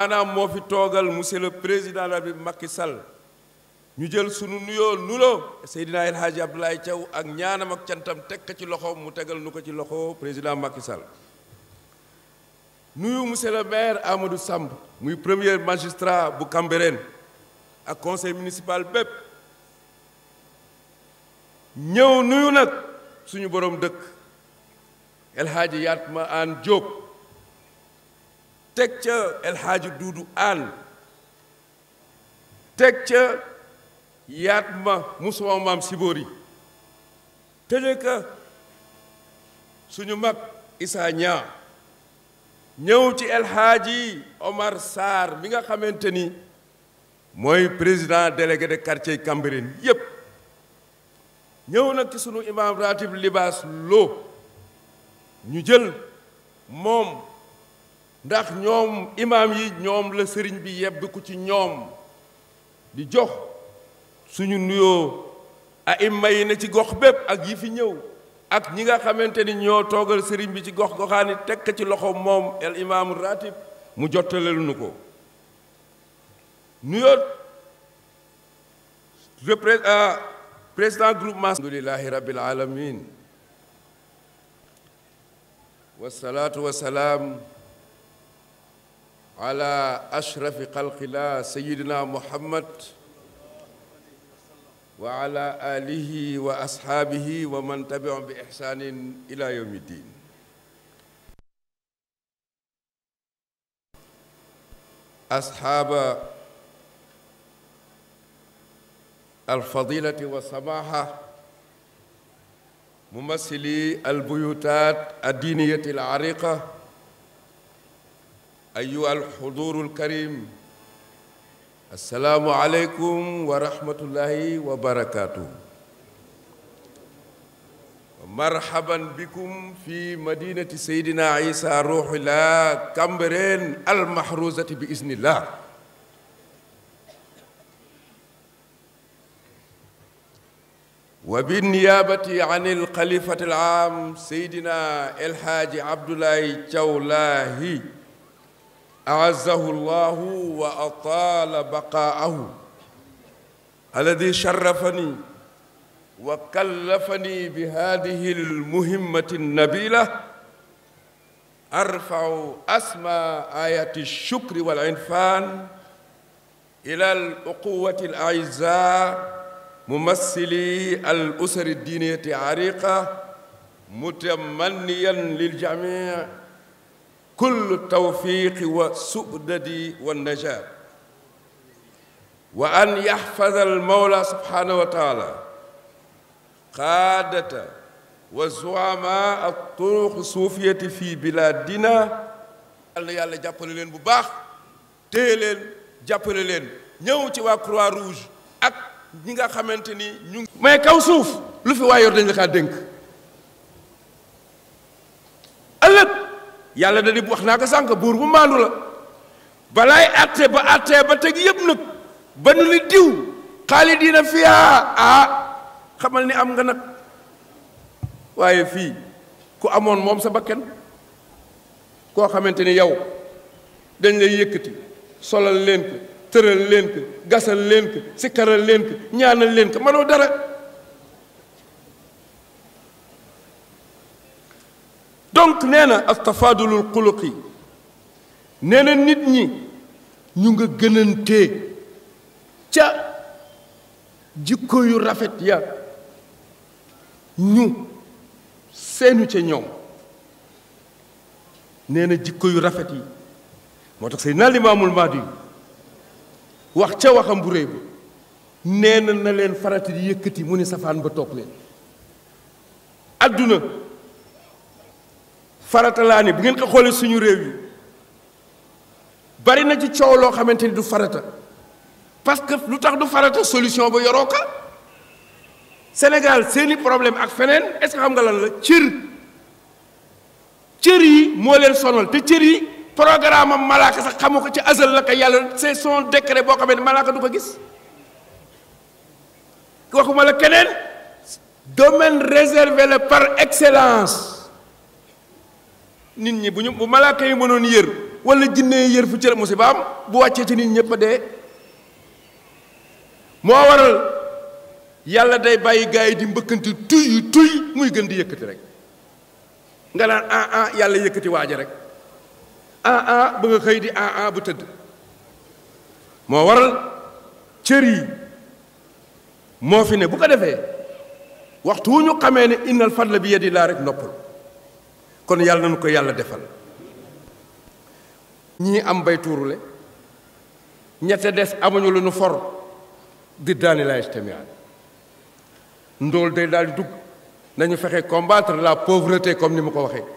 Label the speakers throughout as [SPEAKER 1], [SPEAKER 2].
[SPEAKER 1] maanaam moo fi toogal monsieur le président de la ñu jël sunu nuyoo nuloo Seydina El Hadji Abdoulaye Thiaw ak ñaanam ak cantam teg ko ci loxoom mu tegal nu ko ci loxoo président Macky Sall nuyu monsieur le maire Amadou Samb muy premier magistrat bu Cambérène ak conseil municipal bépp ñëw nuyu nag suñu borom dëkk El yaat Yatma Aan Diop teg ca El Duudu Aan teg ca Yatma Musuma Maam Sibori tëje ka suñu mag Issa Ñaa ñëw ci El Hadji Omar Sarr mi nga xamante ni mooy président délégué de quartier Cambérène yépp ñëw nag ci suñu imaam ratib libaas loo ñu jël moom ndax ñoom imaam yi ñoom la sëriñ bi yebbi ci ñoom di jox suñu nuyoo a imma yi ne ci gox bépp ak yi fi ñëw ak ñi nga xamante ni ñoo toogal sëriñ bi ci gox goxaani teg ci loxo moom el imaamu ratib mu jottalelu nu ko nuyoo repré euh, président groupe Mass. Alhamdulillah, Rabbil Alameen. Wassalatu wassalam. على أشرف خلق الله سيدنا محمد وعلى آله وأصحابه ومن تبعهم بإحسان إلى يوم الدين أصحاب الفضيلة والسماحة ممثلي البيوتات الدينية العريقة أيها الحضور الكريم السلام عليكم ورحمة الله وبركاته مرحبا بكم في مدينة سيدنا عيسى روح الله كمبرين المحروزة بإذن الله وبالنيابة عن الخليفة العام سيدنا الحاج عبد الله جولاهي أعزه الله وأطال بقاءه الذي شرفني وكلفني بهذه المهمة النبيلة أرفع أسمى آية الشكر والعنفان إلى الأقوة الأعزاء ممثلي الأسر الدينية عريقة متمنيا للجميع كل التوفيق والسؤدد والنجاة وأن يحفظ المولى سبحانه وتعالى قادة وزعماء الطرق الصوفية في بلادنا الله يالله jàppale لين bu baax téye leen jàppale leen ñëw ci waa croix ñi nga xamante ni ñu mais kaw suuf lu fi waay dañ la kaa dénk ëllëg yàlla da di wax naa ko sànq buur bu maandu la balaay àtte ba àttee ba teg yëpp nag ba nu li diw xaalidiina fiyaa ah xamal ni am nga nag waaye fii ku amoon moom sa bakken koo xamante ni yow dañ lay yëkkati solal leen tëral leen ko gasal leen ko sikkaral leen ko ñaanal leen ko mënoo dara donc nee na astafaadulul xuluqi nee na nit ñi ñu nga gënantee ca jikko yu rafet ya ñu seenu ca ñoom nee na jikko yu rafet yi moo tax Seydina Limaamul Mahdi wax ca waxam bu réy ba nee na na leen farata di yëkkati mu ne safaan ba toog leen adduna farata laa ne bu ngeen ko xoolee suñu réew yi bari na ci coow loo xamante ni du farata parce que lu tax du farata solution ba yoroo ka Sénégal seeni problème ak feneen est-ce que xam nga lan la cër cër yi moo leen sonal te cër yi programme am malaaka sax xamu ko ci asal la ko yàlla c'est son décret boo xamee ne malaaka du ko gis waxuma la keneen domaine réservé la par excellence nit ñi bu ñu bu malaaka yi mënoon yër wala jinne yér yër fu cër musibaam bu wàccee ci nit ñëpp a dee moo waral yàlla day bàyyi gars yi di mbëkkanti tuy tuy muy gën di yëkkati rek nga naan ah ah yàlla yëkkati waaja rek aa ba nga xëy di aa bu tëdd moo waral cër yi moo fi ne bu ko defee waxtu wu ñu xamee ne innal fadla bi yadi laa rek noppal kon yàlla nañu ko yàlla defal ñii am bay tuurule ñette des amuñu lu for di daani lay istamiaan ndóol de daal di dugg nañu fexe combattre la pauvreté comme ni mu ko waxee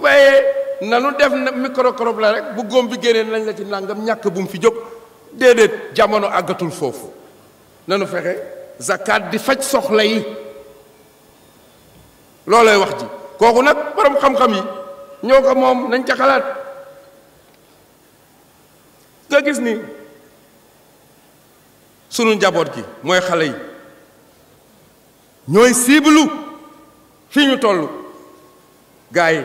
[SPEAKER 1] waaye nanu def microcrobe la rek bu góom bi génnee nañ la ci nangam ñàkk bu mu fi jóg déedéet jamono àggatul foofu nanu fexe zakat di faj soxla yi loolooy wax ji kooku nag borom xam-xam yi ñoo ko moom nañ ca xalaat nga gis ni sunu njaboot gi mooy xale yi ñooy siiblu fi ñu toll gars yi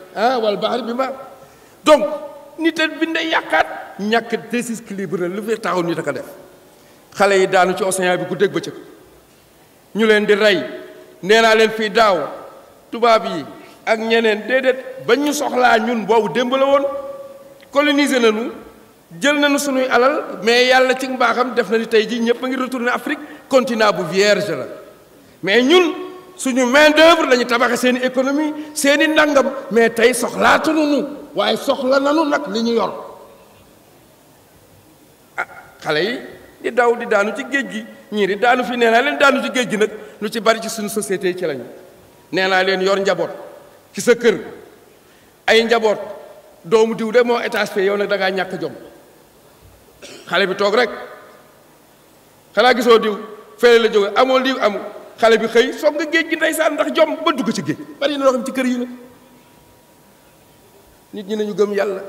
[SPEAKER 1] ah wal baxri bi ma donc nit a bind yàqaat ñàkk déséquilibre lu fi taxaw nit a ko def xale yi daanu ci océan bi guddeeg bëccëg ñu leen di rey nee naa leen fii daaw tubaab yi ak ñeneen déedéet ba ñu soxlaa ñun boobu démb la woon coloniser nañu jël nañu suñuy alal mais yàlla ci mbaaxam def na ni tey ji ñëpp a ngi retourné Afrique continant bu vierge la mais ñun suñu main d'œuvre la ñu tabaxe seen i seeni seen nangam mais tey soxlaatu nu waaye soxla nanu nag li ñu yor ah xale yi di daw di daanu ci géej gi ñii di daanu fi nee naa leen daanu ci géej gi nag lu ci bari ci suñu société yi ci lañu nee naa leen yor njaboot ci sa kër ay njaboot doomu diw de moo étage fee yow nag da ngaa ñàkk jom xale bi toog rek xanaa gisoo diw fële la jóge amoo lii amul xale bi xëy soog nga géej gi ndeysaan ndax jom ba dugg ci géej bari na loo ci kër yi la nit ñi nañu gëm yàlla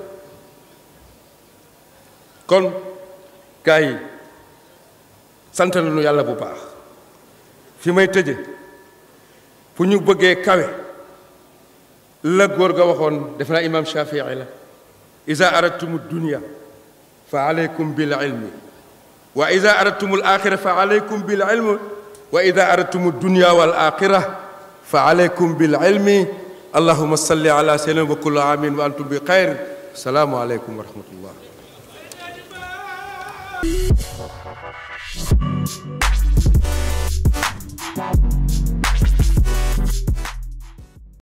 [SPEAKER 1] kon gars yi sant nañu yàlla bu baax fi may tëje fu ñu bëggee kawe la góor ga waxoon def naa imam shafii la iza aradtum dunia fa aleykum bil ilmi wa iza aradtum al axira fa aleykum bil ilmi وإذا أردتم الدنيا والآخرة فعليكم بالعلم اللهم صل على سيدنا وكل عام وأنتم بخير السلام عليكم ورحمة الله